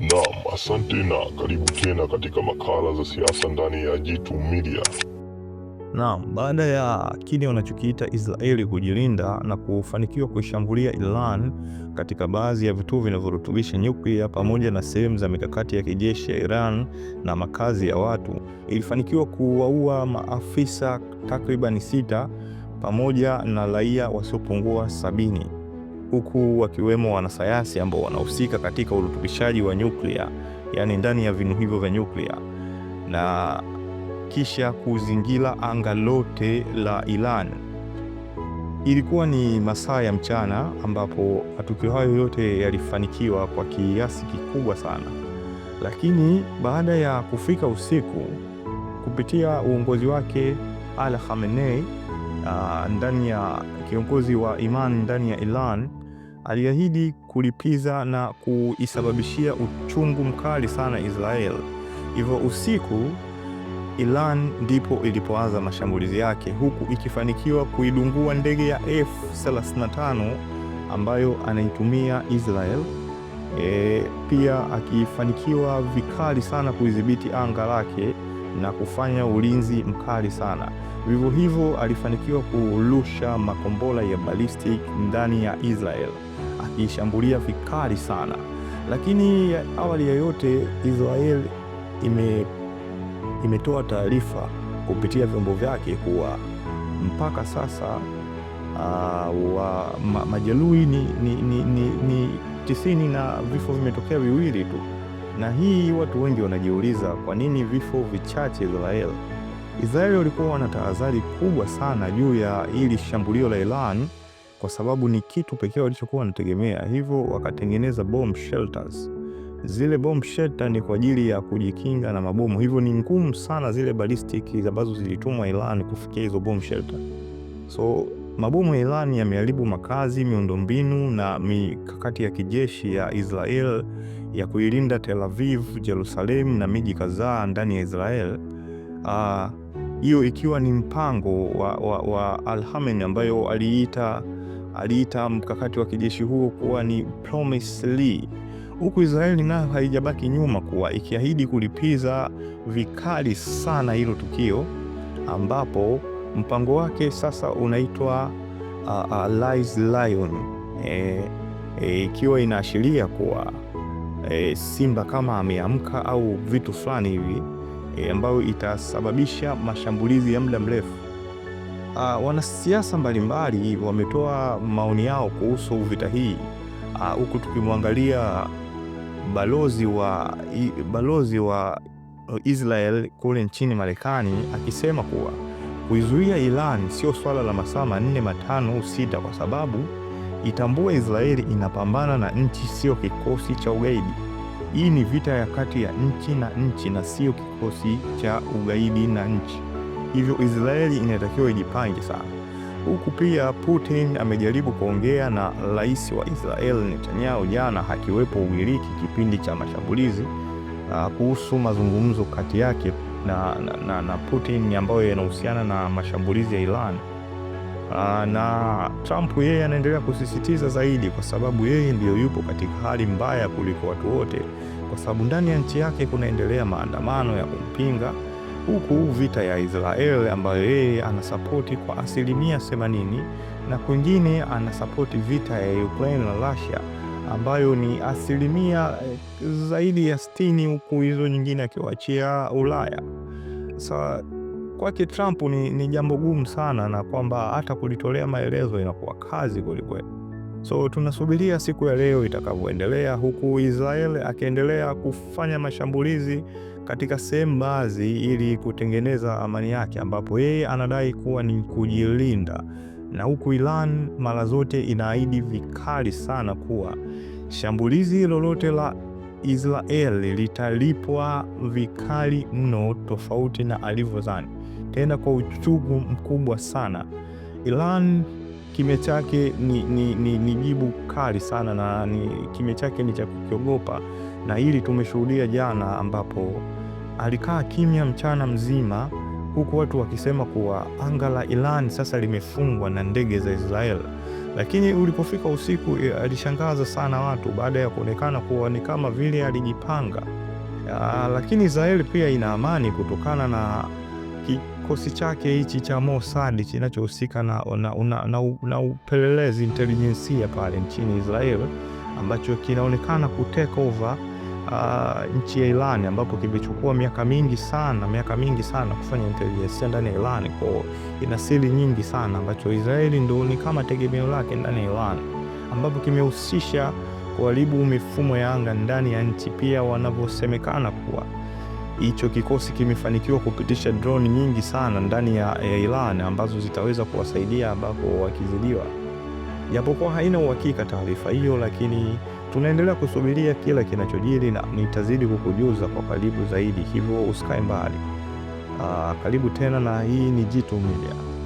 Naam, asante na karibu tena katika makala za siasa ndani ya Jitu Media. Naam, baada ya kile wanachokiita Israeli kujilinda na kufanikiwa kuishambulia Iran katika baadhi ya vituo vinavyorutubisha nyuklia pamoja na sehemu za mikakati ya kijeshi ya Iran na makazi ya watu, ilifanikiwa kuwaua maafisa takribani sita pamoja na raia wasiopungua sabini huku wakiwemo wanasayansi ambao wanahusika katika urutubishaji wa nyuklia, yaani ndani ya vinu hivyo vya nyuklia, na kisha kuzingira anga lote la Iran. Ilikuwa ni masaa ya mchana ambapo matukio hayo yote yalifanikiwa kwa kiasi kikubwa sana, lakini baada ya kufika usiku, kupitia uongozi wake Al Khamenei Ah, ndani ya kiongozi wa Iman ndani ya Iran aliahidi kulipiza na kuisababishia uchungu mkali sana Israel. Hivyo usiku Iran ndipo ilipoanza mashambulizi yake huku ikifanikiwa kuidungua ndege ya F-35 ambayo anaitumia Israel. E, pia akifanikiwa vikali sana kuidhibiti anga lake na kufanya ulinzi mkali sana. Vivyo hivyo, alifanikiwa kurusha makombora ya ballistic ndani ya Israel akiishambulia vikali sana, lakini awali ya yote Israel ime, imetoa taarifa kupitia vyombo vyake kuwa mpaka sasa Uh, wa ma, majeruhi ni, ni, ni, ni, ni tisini na vifo vimetokea viwili tu. Na hii watu wengi wanajiuliza kwa nini vifo vichache Israel. Israeli walikuwa wana tahadhari kubwa sana juu ya hili shambulio la Iran kwa sababu ni kitu pekee walichokuwa wanategemea, hivyo wakatengeneza bomb shelters. Zile bomb shelter ni kwa ajili ya kujikinga na mabomu, hivyo ni ngumu sana zile balistiki ambazo zilitumwa Iran kufikia hizo bomb shelter so Mabomu ya Iran yameharibu makazi, miundombinu na mikakati ya kijeshi ya Israel ya kuilinda Tel Aviv, Jerusalem na miji kadhaa ndani ya Israel, ah, hiyo uh, ikiwa ni mpango wa, wa, wa Al-Khamenei ambayo aliita aliita mkakati wa kijeshi huo kuwa ni Lee, huku Israeli nayo haijabaki nyuma kuwa ikiahidi kulipiza vikali sana hilo tukio ambapo Mpango wake sasa unaitwa uh, uh, Lies Lion ikiwa e, e, inaashiria kuwa e, simba kama ameamka au vitu fulani hivi e, ambayo itasababisha mashambulizi ya muda mrefu. Uh, wanasiasa mbalimbali wametoa maoni yao kuhusu vita hii uh, huku uh, tukimwangalia balozi wa, balozi wa Israel kule nchini Marekani akisema kuwa Kuizuia Iran sio swala la masaa manne, matano au sita, kwa sababu itambue Israeli inapambana na nchi, sio kikosi cha ugaidi. Hii ni vita ya kati ya nchi na nchi na sio kikosi cha ugaidi na nchi, hivyo Israeli inatakiwa ijipange sana. Huku pia Putin amejaribu kuongea na rais wa Israel Netanyahu jana, hakiwepo Ugiriki kipindi cha mashambulizi ah, kuhusu mazungumzo kati yake na, na, na Putin ambayo yanahusiana na mashambulizi ya Iran. Aa, ah, na Trump yeye anaendelea kusisitiza zaidi, kwa sababu yeye ndiyo yupo katika hali mbaya kuliko watu wote, kwa sababu ndani ya nchi yake kunaendelea maandamano ya kumpinga, huku vita ya Israel ambayo yeye anasapoti kwa asilimia 80 na kwingine anasapoti vita ya Ukraine na Russia ambayo ni asilimia eh, zaidi ya 60 huku hizo nyingine akiwaachia Ulaya. sa kwake Trump ni, ni jambo gumu sana, na kwamba hata kulitolea maelezo inakuwa kazi kwelikweli. So tunasubiria siku ya leo itakavyoendelea, huku Israel akiendelea kufanya mashambulizi katika sehemu baadhi ili kutengeneza amani yake, ambapo yeye anadai kuwa ni kujilinda na huku Iran mara zote inaahidi vikali sana kuwa shambulizi lolote la israel litalipwa vikali mno, tofauti na alivyodhani, tena kwa uchungu mkubwa sana. Iran kimya chake ni, ni, ni, ni jibu kali sana na ni, kimya chake ni cha kukiogopa, na hili tumeshuhudia jana, ambapo alikaa kimya mchana mzima huku watu wakisema kuwa anga la Iran sasa limefungwa na ndege za Israel. Lakini ulipofika usiku eh, alishangaza sana watu baada ya kuonekana kuwa ni kama vile alijipanga. Ah, lakini Israel pia ina amani kutokana na kikosi chake hichi cha Mossad kinachohusika na, na, na, na, na upelelezi intelijensia pale nchini Israel ambacho kinaonekana kutake over uh, nchi ya Iran ambapo kimechukua miaka mingi sana, miaka mingi sana kufanya intelligence ndani ya Iran. Kwa ina siri nyingi sana ambacho Israeli ndio ni kama tegemeo lake ndani ya Iran, ambapo kimehusisha kuharibu mifumo ya anga ndani ya nchi. Pia wanavyosemekana kuwa hicho kikosi kimefanikiwa kupitisha drone nyingi sana ndani ya, ya Iran ambazo zitaweza kuwasaidia ambapo wakizidiwa japokuwa haina uhakika taarifa hiyo, lakini tunaendelea kusubiria kila kinachojiri na nitazidi kukujuza kwa karibu zaidi, hivyo usikae mbali. Aa, ah, karibu tena na hii ni Jitu Media.